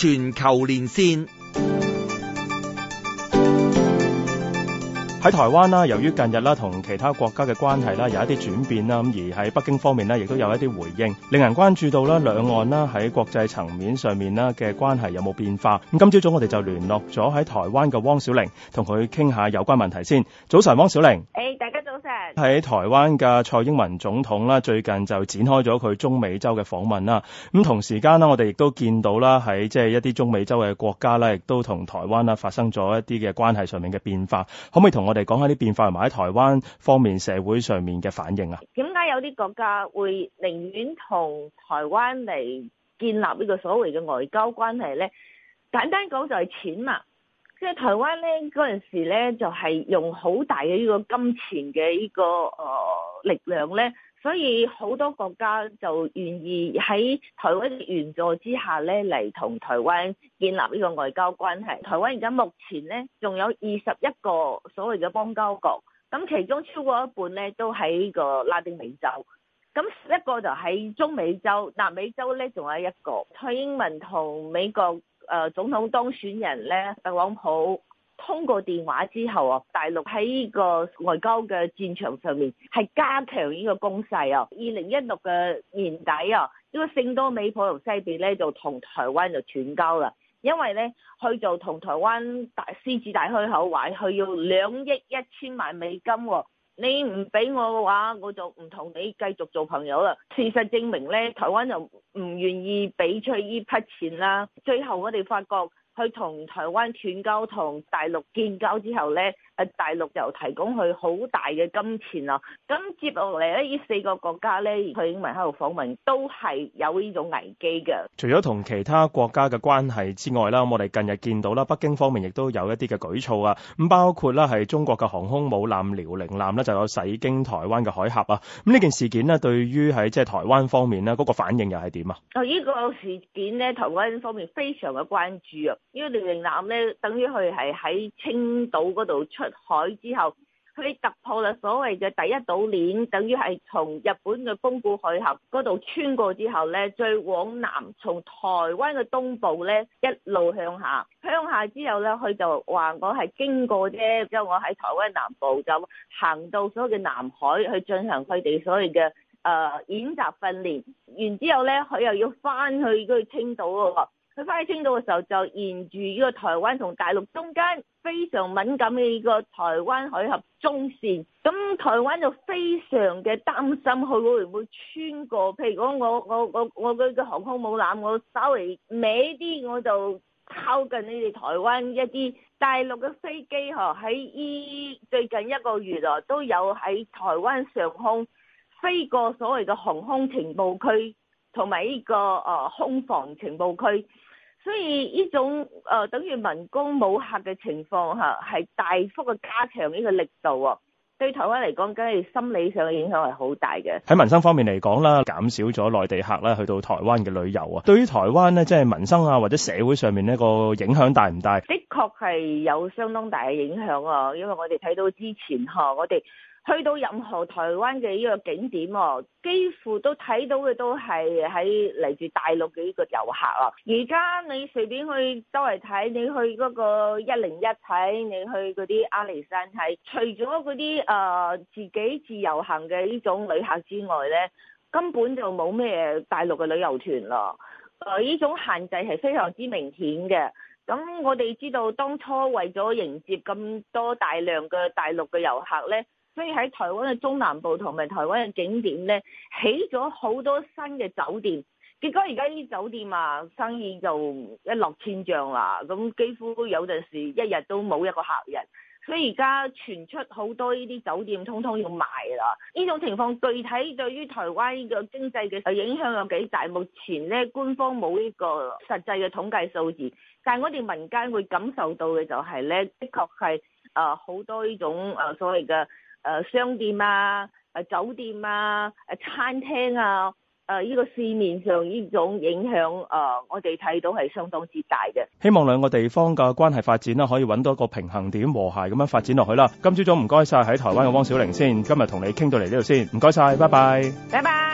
全球連線喺台灣啦，由於近日啦同其他國家嘅關係啦有一啲轉變啦，咁而喺北京方面呢亦都有一啲回應，令人關注到啦兩岸啦喺國際層面上面啦嘅關係有冇變化。咁今朝早我哋就聯絡咗喺台灣嘅汪小玲，同佢傾下有關問題先。早晨，汪小玲。喺台灣嘅蔡英文總統啦，最近就展開咗佢中美洲嘅訪問啦。咁同時間啦，我哋亦都見到啦，喺即係一啲中美洲嘅國家啦，亦都同台灣啦發生咗一啲嘅關係上面嘅變化。可唔可以同我哋講下啲變化，同埋喺台灣方面社會上面嘅反應啊？點解有啲國家會寧願同台灣嚟建立呢個所謂嘅外交關係呢？簡單講就係錢啦！即係台灣咧嗰陣時咧，就係用好大嘅呢個金錢嘅呢個、呃、力量咧，所以好多國家就願意喺台灣嘅援助之下咧嚟同台灣建立呢個外交關係。台灣而家目前咧仲有二十一個所謂嘅邦交國，咁其中超過一半咧都喺呢個拉丁美洲，咁一個就喺中美洲、南美洲咧，仲有一個蔡英文同美國。誒總統當選人咧，特朗普通過電話之後啊，大陸喺呢個外交嘅戰場上面係加強呢個攻勢啊！二零一六嘅年底啊，呢個聖多美普林西比咧就同台灣就斷交啦，因為咧佢就同台灣大獅子大開口話佢要兩億一千萬美金喎、啊。你唔俾我嘅話，我就唔同你繼續做朋友啦。事實證明呢，台灣就唔願意俾出呢筆錢啦。最後我哋發覺。去同台灣斷交，同大陸建交之後咧，誒大陸又提供佢好大嘅金錢啊。咁接落嚟咧，呢四個國家咧，佢英文喺度訪問都係有呢種危機嘅。除咗同其他國家嘅關係之外啦，我哋近日見到啦，北京方面亦都有一啲嘅舉措啊。咁包括啦，係中國嘅航空母艦、遼寧艦咧，就有駛經台灣嘅海峽啊。咁呢件事件呢，對於喺即係台灣方面呢，嗰、那個反應又係點啊？啊，呢個事件咧，台灣方面非常嘅關注啊！因為呢個遼寧艦咧，等於佢係喺青島嗰度出海之後，佢突破咗所謂嘅第一島鏈，等於係從日本嘅宮古海峽嗰度穿過之後咧，再往南，從台灣嘅東部咧一路向下，向下之後咧，佢就話我係經過啫，之後我喺台灣南部就行到所謂嘅南海去進行佢哋所謂嘅誒演習訓練，然之後咧佢又要翻去嗰個青島嘅。佢翻去青島嘅時候，就沿住呢個台灣同大陸中間非常敏感嘅呢個台灣海峽中線，咁台灣就非常嘅擔心佢會唔會穿過。譬如講，我我我我個航空母艦，我稍微歪啲，我就靠近你哋台灣一啲大陸嘅飛機。嗬，喺依最近一個月啊，都有喺台灣上空飛過所謂嘅航空情報區同埋呢個誒空防情報區。所以呢種，呃，等於民工冇客嘅情況下，係大幅嘅加強呢個力度啊。對台灣嚟講，梗係心理上嘅影響係好大嘅。喺民生方面嚟講啦，減少咗內地客啦去到台灣嘅旅遊啊，對於台灣呢，即係民生啊或者社會上面呢個影響大唔大？的確係有相當大嘅影響啊，因為我哋睇到之前我哋。去到任何台灣嘅呢個景點喎，幾乎都睇到嘅都係喺嚟自大陸嘅呢個遊客啊！而家你隨便去周圍睇，你去嗰個一零一睇，你去嗰啲阿里山睇，除咗嗰啲誒自己自由行嘅呢種旅客之外呢，根本就冇咩大陸嘅旅遊團咯。誒，呢種限制係非常之明顯嘅。咁我哋知道當初為咗迎接咁多大量嘅大陸嘅遊客呢。所以喺台灣嘅中南部同埋台灣嘅景點咧，起咗好多新嘅酒店，結果而家呢啲酒店啊生意就一落千丈啦。咁幾乎有陣時一日都冇一個客人，所以而家傳出好多呢啲酒店通通要賣啦。呢種情況具體對於台灣嘅經濟嘅影響有幾大？目前咧官方冇呢個實際嘅統計數字，但係我哋民間會感受到嘅就係咧，的確係啊好多呢種啊所謂嘅。誒、啊，商店啊，誒、啊，酒店啊，誒、啊，餐廳啊，誒、啊，呢、這個市面上呢種影響，誒、啊，我哋睇到係相當之大嘅。希望兩個地方嘅關係發展啦，可以揾到一個平衡點，和諧咁樣發展落去啦。今朝早唔該晒，喺台灣嘅汪小玲先，今日同你傾到嚟呢度先，唔該晒，拜拜。拜拜。